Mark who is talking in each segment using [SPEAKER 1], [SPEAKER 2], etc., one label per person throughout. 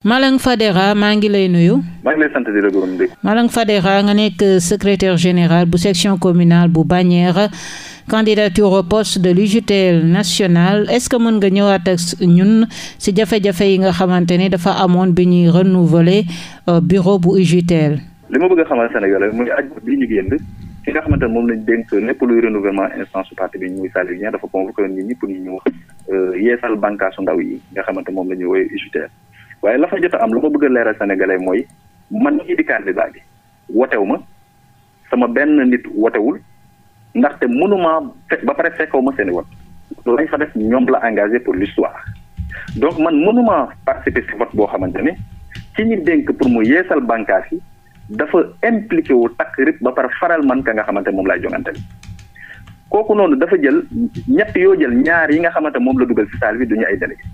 [SPEAKER 1] Malang Fadera maa ngi lay nuyu.
[SPEAKER 2] maa ngi lay sant di la gërëm de.
[SPEAKER 1] Malang Fadera nga nekk secrétaire général bu section communale bu Bagnères candidature au poste de l'UJTL nationale est-ce que mën nga ñëwaat ak ñun ci jafe-jafe yi nga xamante ne dafa amoon bi ñuy renouveler euh, bureau bu UJTL.
[SPEAKER 2] li ma bëgg a xamal Sénégalais muy aj bi ñu génn ki nga xamante ne moom lañ dénk lépp luy renouvellement instance su parti euh, ndaw yi nga xamante moom la ñuy waaye la fa jot am lu ma bëgg a leeral sénégalais mooy man mii di candidat bi wotew ma sama benn nit wotewul ndaxte mënuma fekk ba pare fekkaw ma seeni wat lañ fa def ñoom la engagé pour l'histoire donc man mënuma participer si boo xamante ne ki ñi dénk pour mu yeesal bànkaas yi dafa impliqué wu takk rip ba pare faral man ka nga xamante moom laay jongante bi kooku noonu dafa jël ñett yoo jël ñaar yi nga xamante moom la dugal si saal bi du ñu ay délégué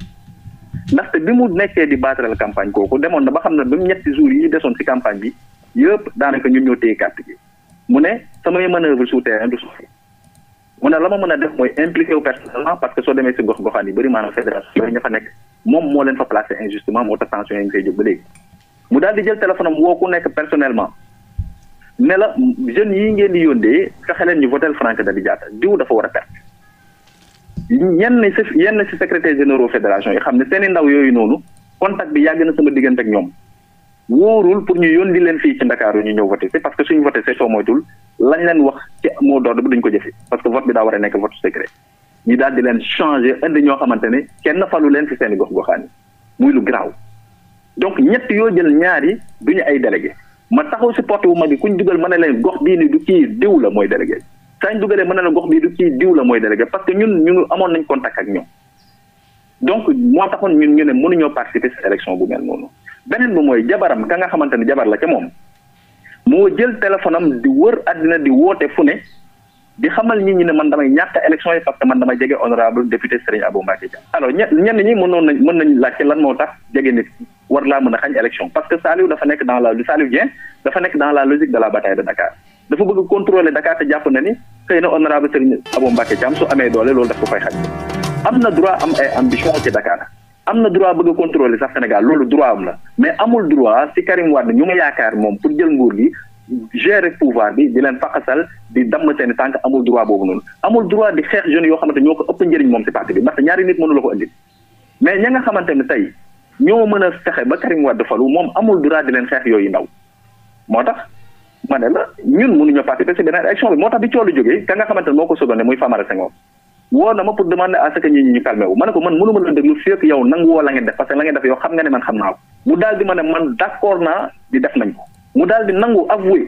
[SPEAKER 2] ndaxte bi mu nekkee di baataral campagne kooku demoon na ba xam ne ba mu ñetti jours yi desoon ci campagne bi yëpp daanaka ñun ñoo téye carte gi mu ne samay manœuvre sur terrain du soxla mu ne la a def mooy impliqué wu parce que soo demee ci gox-goxaan yi bëri moo leen fa placé injustement moo tax tension mu daal di jël téléphone am woo ku nekk personnellement ne la jeunes yi ngeen di yóndee fexe leen ñu votel Franck Diatta diw dafa war a perte yenn si yenn si secrétaire généraux fédération yi xam ne seen ndaw yooyu noonu contact bi yàgg na sama diggante ak ñoom wóorul pour ñu yónni leen fii ci Ndakaaru ñu ñëw voté si parce que suñu voté see soo moytul lañ leen wax ci mot d'ordre bi duñ ko jëfe parce que vote bi daa war a nekk vote secret ñi daal di leen changer indi ñoo xamante ne kenn falu leen si seen gox-goxaan yi muy lu garaaw donc ñett yoo jël ñaar yi ñu ay délégué ma taxaw si porte bu mag bi kuñ dugal ma ne leen gox bii ni du kii diw la mooy délégué sañ dugalee mën na la gox bii du kii diw la mooy délégué parce que ñun ñu amoon nañ contact ak ñoom donc moo taxoon ñun ñu ne mënuñoo participer si élection bu mel noonu beneen bi mooy jabaram ka nga xamante ne jabar la ca moom moo jël téléphone am di wër àddina di woote fu ne di xamal nit ñi ne man damay ñàkk élection yi parce que man damay jege honorable député Serigne Abou Mbacké Dia alors ñenn ñi mënoon nañ mën nañ lan moo tax jege nit war laa mën a xañ nekk dans la Saliou Dieng dafa nekk dans la logique de dafa bëgg contrôler Dakar jàpp na ni xëy na honorable Serigne Abou Mbacké Thiam su amee doole loolu daf ko xaj am na droit am ay ambition ci Dakar am na droit bëgg a sax Sénégal loolu droit am la mais amul droit si Karim Wade ñu nga yaakaar moom pour jël nguur gi gérer pouvoir bi di leen faqasal di damm seen tànk amul droit boobu noonu amul droit di xeex jeunes yoo xamante ñoo ko ëpp njëriñ moom si parti bi ndaxte ñaari nit mënu la ko indi mais ña nga ne tey ñoo mën a ba Karim Wade falu moom amul droit di leen xeex yooyu ndaw ma ne la ñun mënuñoo participer si beneen élection bi moo tax bi coow jógee ka nga xamante moo ko sogone muy Famara Senghor woo na ma pour demander à ce que ñi ñu calmé wu ma ne man mënuma la déglu fekk yow nangu woo la ngeen def parce que la ngeen def yow xam nga ne man xam naa ko mu daal di ma ne man d' naa di def nañ mu daal di nangu avoué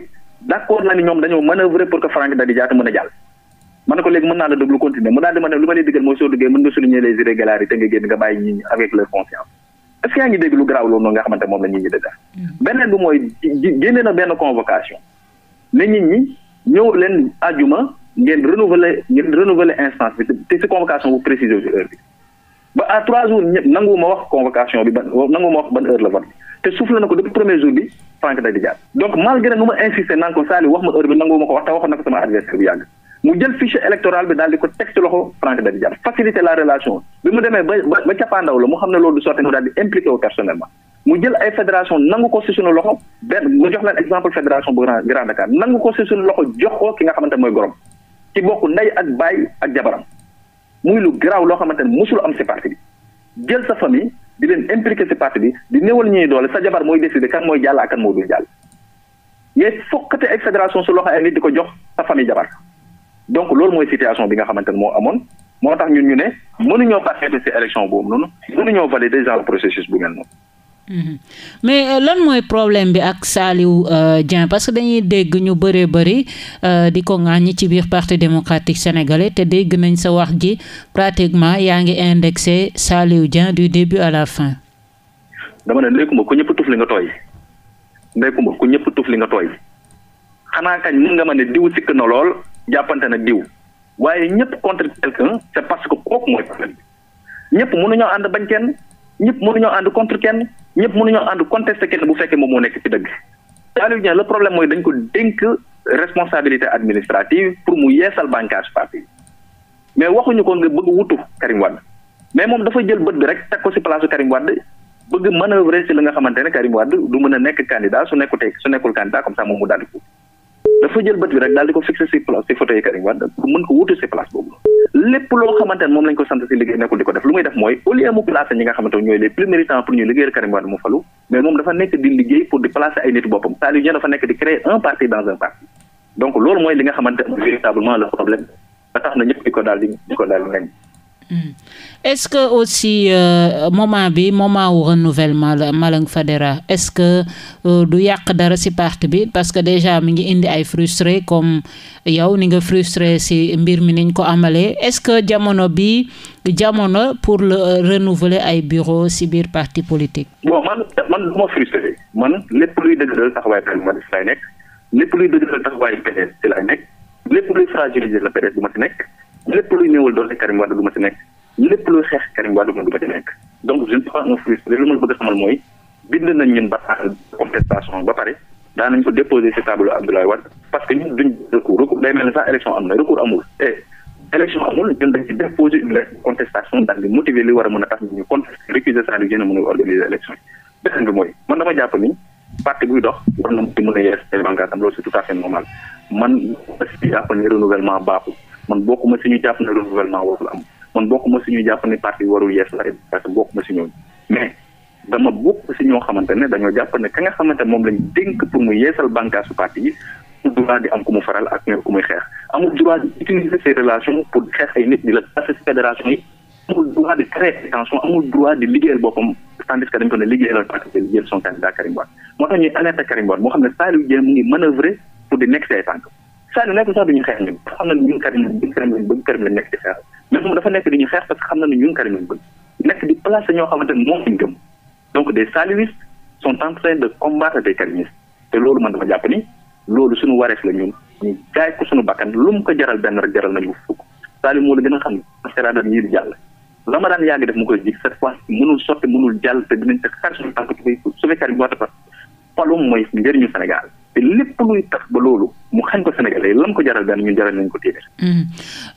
[SPEAKER 2] d' accord ni ñoom dañoo manœuvrer pour que Franck Daddy Diatta mën a jàll ma ko léegi mën est yaa ngi dégg lu garaaw loolu noonu nga xamante moom la nit ñi di mm. beneen bi mooy génne na benn convocation ne nit ñi ñëw leen ngeen renouveler ngeen renouveler instance bi te si convocation bu précisé bi ba à trois jours ñëpp nanguwuma wax convocation bi ban nanguwuma wax ban heure la vote bi te soufflé na ko depuis premier jour bi Franck da di donc malgré nu ma insisté naan ko Saliou wax ma heure bi nanguwuma ko wax te waxoon na ko sama adversaire yàgg. mu jël fichier électoral bi daal di ko teg ci loxo France benn jàpp faciliter la relation bi mu demee ba ba cappaandaw la mu xam ne loolu du sotti mu daal di impliqué wu personnellement mu jël ay fédération nangu ko si suñu loxo benn mu jox leen exemple fédération bu grand Grand Dakar nangu ko si suñu loxo jox ko ki nga xamante mooy gorom ci bokk ndey ak baay ak jabaram muy lu garaaw loo xamante ne musul am si parti bi jël sa famille di leen impliqué si parti bi di néewal ñuy doole sa jabar mooy décider kan mooy jàll ak kan moo dul jàll ngay fokkate ay fédération su loxo ay di ko jox sa jabar donc loolu mooy situation bi nga xamante ne moo amoon moo tax ñun ñu ne mënuñoo participer ci élection boobu noonu mënuñoo valider genre processus bu mel noonu.
[SPEAKER 1] Mhm. mais euh, lan mooy problème bi ak Saliou euh, Dieng parce que dañuy dégg ñu bëree bëri euh, di ko ŋàññi ci biir parti démocratique sénégalais te dégg nañ sa wax ji pratiquement yaa ngi indexé Saliou Dieng du début à la fin.
[SPEAKER 2] dama ne ndeykumba ku ñëpp tuf li nga tooy ndeykumba ku ñëpp tuf li nga tooy xanaa kañ mën nga ma ne diw sikk na lool jàppante na diw waaye ñëpp contre quelqu'un c'est parce que kooku mooy problème bi ñëpp mënuñoo ànd bañ kenn ñëpp mënuñoo ànd contre kenn ñëpp mënuñoo ànd contester kenn bu fekkee moom moo nekk ci dëgg. Saliou problème mooy dañ ko dénk responsabilité administrative pour mu yeesal bancage parti mais waxuñu ko nga bëgg wutu Karim Wade mais moom dafa jël bët bi rek teg ko ci place Karim Wade bëgg manœuvrer ci li nga xamante ne Karim Wade du mën a nekk candidat su nekkutee su nekkul candidat comme mu daal di dafa jël bët bi rek daal di ko fixé si place si fauteuil Karim Wade pour mën ko wuute si place boobu lépp loo xamante ne moom lañ ko sant si liggéey nekkul di ko def lu muy def mooy au lieu ñi nga xamante ñooy les plus méritants pour ñuy liggéeyal Karim mu falu mais moom dafa nekk di liggéey pour di placer ay nit boppam cest à dafa nekk di créer un parti dans un parti donc loolu mooy li nga xamante ne véritablement le problème ba ko daal di
[SPEAKER 1] Mm. est-ce que aussi euh, moment bi moment wu renouvellement la Malang Fadera est-ce que euh, du yàq dara si parti bi parce que déjà mi ngi indi ay frustré comme yow ni nga frustré ci mbir mi ni niñ ko amalee est-ce que jamono bi jamono pour le euh, renouveler ay bureau si biir parti politique.
[SPEAKER 2] bon man man du man lépp luy dëggal taxawaay taxawaay benn ci laay nekk lépp luy fragiliser la benn du ma nekk. lépp luy néewal doole Karim Wade du ma ci nekk lépp luy xeex Karim Wade du ma ci nekk donc je ne suis pas un frustré lu ma bëgg a xamal mooy bind nañ ñun bataaxal contestation ba pare daanañ ko déposer ci table Abdoulaye parce que ñun duñ recours mel ni sax élection am na recours amul et élection amul ñun dañ déposer contestation daal di motiver li war a mën a tax ñu contester récuser ça di gën a mën a organiser élection yi beneen bi mooy man dama jàpp ni parti buy dox war na mën a yees ay bànqaasam loolu c'est tout à fait normal man baaxul man bokkuma si ñu jàpp ne warul am man bokkuma si ñu jàpp ne warul yees la parce que bokkuma si ñooñu mais dama bokk si ñoo xamante ne dañoo jàpp ne ka nga xamante moom lañ dénk pour mu yeesal bànqaasu parti yi amul di am ku mu faral ak ñoom ku muy xeex amul droit di utiliser ses relations pour xeex ay nit di la passé si fédération yi amul droit de créer tension amul droit di liggéeyal boppam tandis que dañ ne liggéeyal parti di Sadio nekkul sax duñu xeex ñun xam nañu ñun nekk di xeex mais moom dafa nekk di ñu xeex parce que xam nañu ñun Karim lañ bëgg nekk di placé ñoo xam ne moom lañ gëm donc des salivistes sont en train de combattre te loolu man dama jàpp ni loolu suñu wareef la ñun ñu jaay ko suñu bakkan lu mu ko jaral benn rek jaral nañu fukk Sadio moo la gën a xam maseraadar ñii di jàll la ma daan yàgg def mu koy jig cette fois mënul sotti mënul jàll te dinañ te xar suñu tànk ci koy sauver Karim Wade parce que palum mooy njëriñu Sénégal te lépp luy tax ba loolu mu xañ ko Sénégalais lam ko jaral benn ñun jaral nañ ko téeméer. Mhm.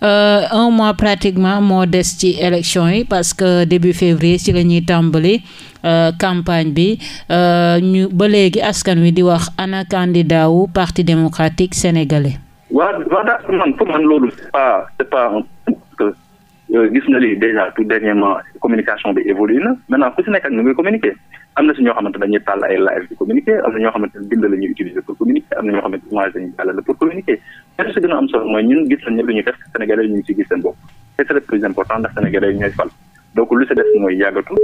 [SPEAKER 1] Euh, un mois pratiquement moo des ci élection yi parce que début février ci la ñuy tàmbali euh, campagne bi euh, ñu ba léegi askan wi di wax ana candidat parti démocratique sénégalais.
[SPEAKER 2] waaw Euh, gis na li déjà tout dernièrement communication bi évolué na maintenant ku si nekk ak nu ngay communiquer am na si ñoo xamante dañuy tàll ay live di communiquer am na ñoo xamante bind la utiliser pour communiquer am na ñoo xamante image dañuy jàllale pour communiquer am solo mooy gis nañ lu ñuy def Sénégalais ñu ngi si gis seen bopp c'est plus important ndax Sénégalais ñooy fal donc lu si des mooy yàggatu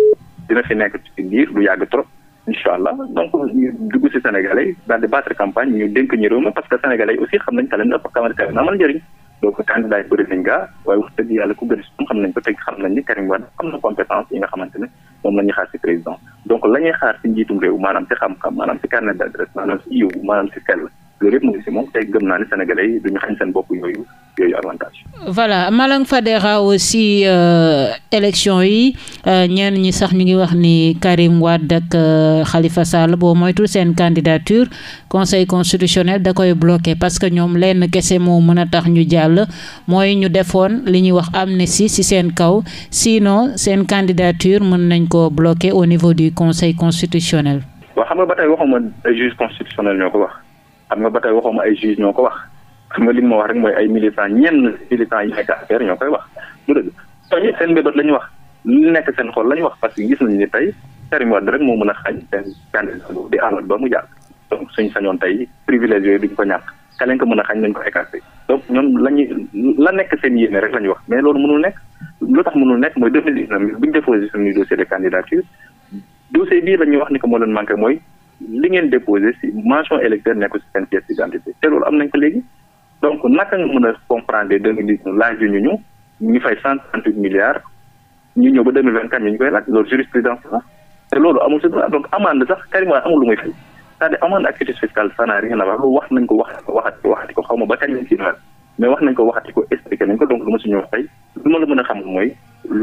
[SPEAKER 2] dina fi nekk ci diir lu yàgg trop incha allah donc ñu dugg si Sénégalais daal di battre campagne ñu dénk ñu réew donc candidat yi bëri waaye wax dëgg yàlla ku gën a xam nañ ko teg xam nañ ni Karim Wade am na compétence yi nga xamante ne moom la ñuy xaar ci président donc la ñuy xaar ci njiitum réew maanaam ci xam-xam maanaam ci carnet d'adresse maanaam ci yiw maanaam ci sell loolu yëpp mu ngi si moom tey gëm naa ne sénégalais yi duñu xañ seen bopp yooyu yooyu avantage.
[SPEAKER 1] voilà Malang Fadera aussi euh, élection yi euh, ñenn ñi sax ñu ngi wax ni Karim Wade ak xalifa euh, Sall boo moytul seen candidature conseil constitutionnel da koy bloqué parce que ñoom lenn kese moo mën a tax ñu jàll mooy ñu defoon li ñuy wax am amnistie si si seen kaw sinon seen candidature mën nañ ko bloqué au niveau du conseil constitutionnel.
[SPEAKER 2] waaw xam nga ba tey waxuma juge constitutionnel xam nga ba tey waxuma ay juge ñoo ko wax xam nga li ma wax rek mooy ay militants ñenn militants yi nekk affaire ñoo koy wax lu dëgg tooñi seen mbébét la ñu wax li nekk seen xol la ñu wax parce que gis ni tey Karim Wade rek moo mën a xañ Ba mu jàll donc suñu sañoon tey privilège yooyu duñ ko ñàkk ka leen ko mën a xañ nañ ko écarté donc ñoom la ñuy la nekk seen yéene rek la ñuy wax mais loolu mënul nekk lu tax mënul nekk mooy deux mille dix-neuf bu ñu déposé suñu dossier de candidature dossier bii la ñuy wax ni ko moo leen manqué mooy li ngeen déposé si mention électeur nekkul si seen pièce d'identité te loolu am nañ ko léegi donc naka nga mën a comprendre deux mille dix ñu ñu ñu fay cent trente huit milliards ñu ñëw ba deux mille vingt quatre ñu ñu koy laaj loolu jurisprudence la te loolu si donc amande sax Karim amul lu muy fay c'est-à-dire amande activité fiscale ça n'a rien loolu wax nañ ko waxati ko waxati ko xaw ma ba kañ lañ mais wax nañ ko waxati ko expliqué nañ ko donc lu ma si ñëw fay lu ma la mën a xam mooy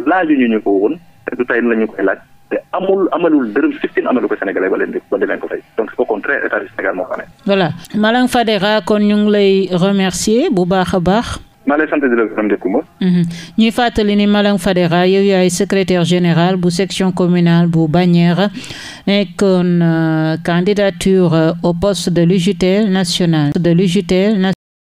[SPEAKER 2] laaju ñu ñu ko woon te du tey lañu koy laaj te amul amalul dërëm siftin amalu ko Sénégalais ba leen ba di leen ko donc au contraire état du Sénégal moo
[SPEAKER 1] ko Fadera kon ñu lay remercier bu baax a baax. Mhm. ñuy fàttali ni Malang Fadera yow yaay secrétaire général bu section communale bu Bagnères nekkoon euh, candidature euh, au poste de l'UJTL national de l'UJTL